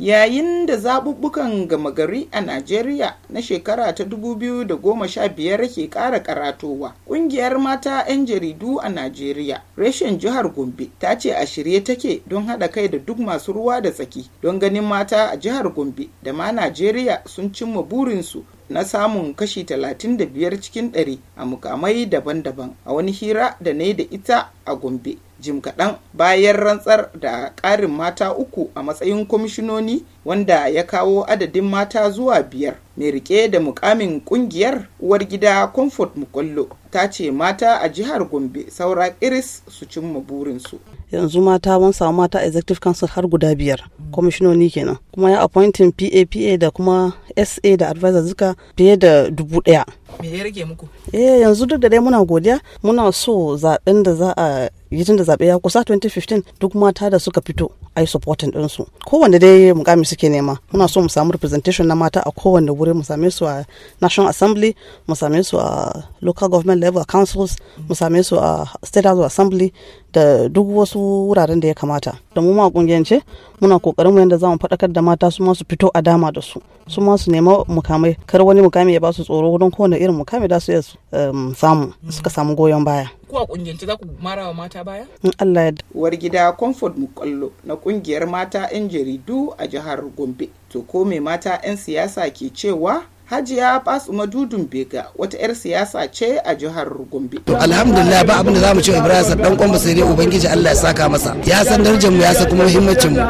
yayin da zaɓuɓɓukan gama gari a Najeriya na shekara ta 2015 ke ƙara karatowa. Ƙungiyar mata 'yan jaridu a Najeriya, reshen jihar Gombe, ta ce a shirye take don haɗa kai da duk masu ruwa da tsaki don ganin mata a jihar Gombe da ma Najeriya sun cimma burinsu na samun kashi 35 cikin 100 a mukamai daban-daban a wani hira da na da ita a Gombe. jim kaɗan bayan rantsar da ƙarin mata uku a matsayin kwamishinoni wanda ya kawo adadin mata zuwa biyar mai rike da mukamin ƙungiyar uwar gida comfort mukwallo ta ce mata a jihar gombe saura iris su cimma burinsu yanzu mata mun samu mata executive council har guda biyar kwamishinoni kenan kuma ya appointing pa da kuma sa da advisor zuka fiye da dubu daya me ya rage muku eh yanzu duk da dai muna godiya muna so zaben da za a yi tun da zaɓe ya kusa 2015 duk mata da suka fito a yi su su. kowanne dai mukami suke nema muna so mu samu representation na mata a kowanne wuri mu same su a national assembly mu same su a local government level councils mu same su a state house assembly da duk wasu wuraren da ya kamata da mu ma kungiyance muna kokarin mu yadda za mu faɗakar da mata su ma su fito a dama da su su ma su nema mukamai kar wani mukami ya ba su tsoro don kowanne. irin kame da su um, samu mm-hmm. suka samu goyon baya ku a kungiyance za ku mara wa mata baya in Allah ya war gida comfort mukallo na kungiyar mata yan jaridu a jihar Gombe to ko mai mata yan siyasa ke cewa Hajiya Basuma Dudun Bega wata 'yar siyasa ce a jihar Gombe. To alhamdulillah ba abin da zamu ce Ibrahim dan kwamba sai dai ubangiji Allah ya saka masa. Ya san darajar mu ya san kuma muhimmancin mu.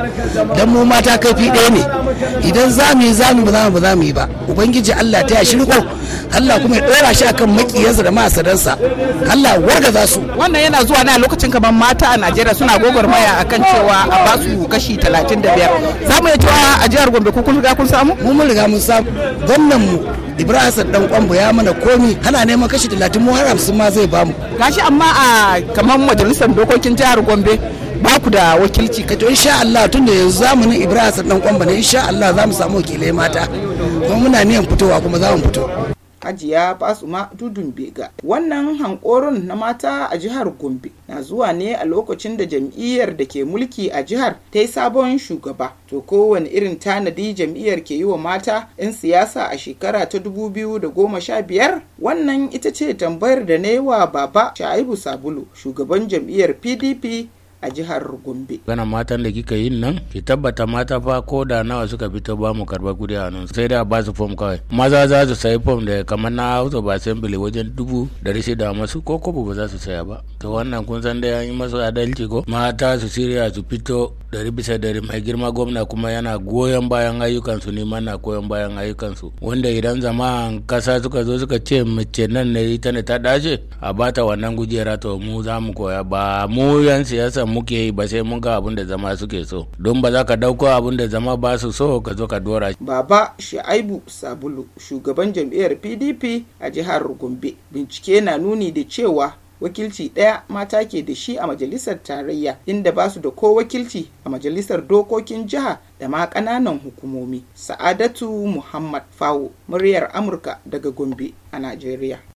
Dan mu mata kafi ɗaya ne. Idan zamu yi zamu ba zamu ba zamu yi ba. Ubangiji Allah ta ya shirko Allah kuma ya dora shi akan makiyansa da masaransa. Allah za su. Wannan yana zuwa na lokacin kaman mata a Najeriya suna gogormaya akan cewa a ba su kashi 35. Zamu iya cewa a jihar Gombe ku kun riga kun samu? Mu mun riga mun samu. Gwamnan mu ibrahim hassan dan kwambo ya mana komi ana neman kashi talatin mu har hamsin ma zai bamu gashi amma a kamar majalisar dokokin jihar gombe ba ku da wakilci kato insha Allah tun da yanzu zamanin ibrahim hassan dan kwambo ne insha Allah za mu samu wakilai mata kuma muna niyan fitowa kuma za mu fito Hajiya Basuma Dudun Bega. Wannan hankorin na mata a jihar Gombe na zuwa ne a lokacin da jam'iyyar da ke mulki a jihar ta yi sabon shugaba. To kowane irin tanadi jam'iyyar ke yi wa mata 'yan siyasa a shekara ta 2015? Wannan ita ce tambayar da na yi wa Baba Sha'ibu Sabulu, shugaban jam'iyyar PDP a jihar Gombe. kana matan da kika yin nan, ki tabbata mata fa ko da nawa suka fito ba mu karba kudi a nan sai da ba su fom kawai. Maza za su sayi fom da kamar na Hausa ba bile wajen dubu dari shida masu ko kobo ba za su saya ba. To wannan kun san dai an yi masu adalci ko mata su shirya su fito dari bisa dari mai girma gwamna kuma yana goyon bayan ayyukansu ne mana goyon bayan ayyukansu wanda idan zama kasa suka zo suka ce mace nan ne ita ne ta dace a bata wannan gujera to mu za mu koya ba mu yan siyasa muke yi ba sai mun ga abin da zama suke so don ba za ka dauko abin da zama ba su so ka zo ka dora baba sha'ibu sabulu shugaban jam'iyyar pdp a jihar gombe bincike na nuni da cewa wakilci ɗaya mata ke da shi a majalisar tarayya inda ba su da ko wakilci a majalisar dokokin jiha da ma ƙananan hukumomi sa'adatu muhammad fawo muryar amurka daga gombe a najeriya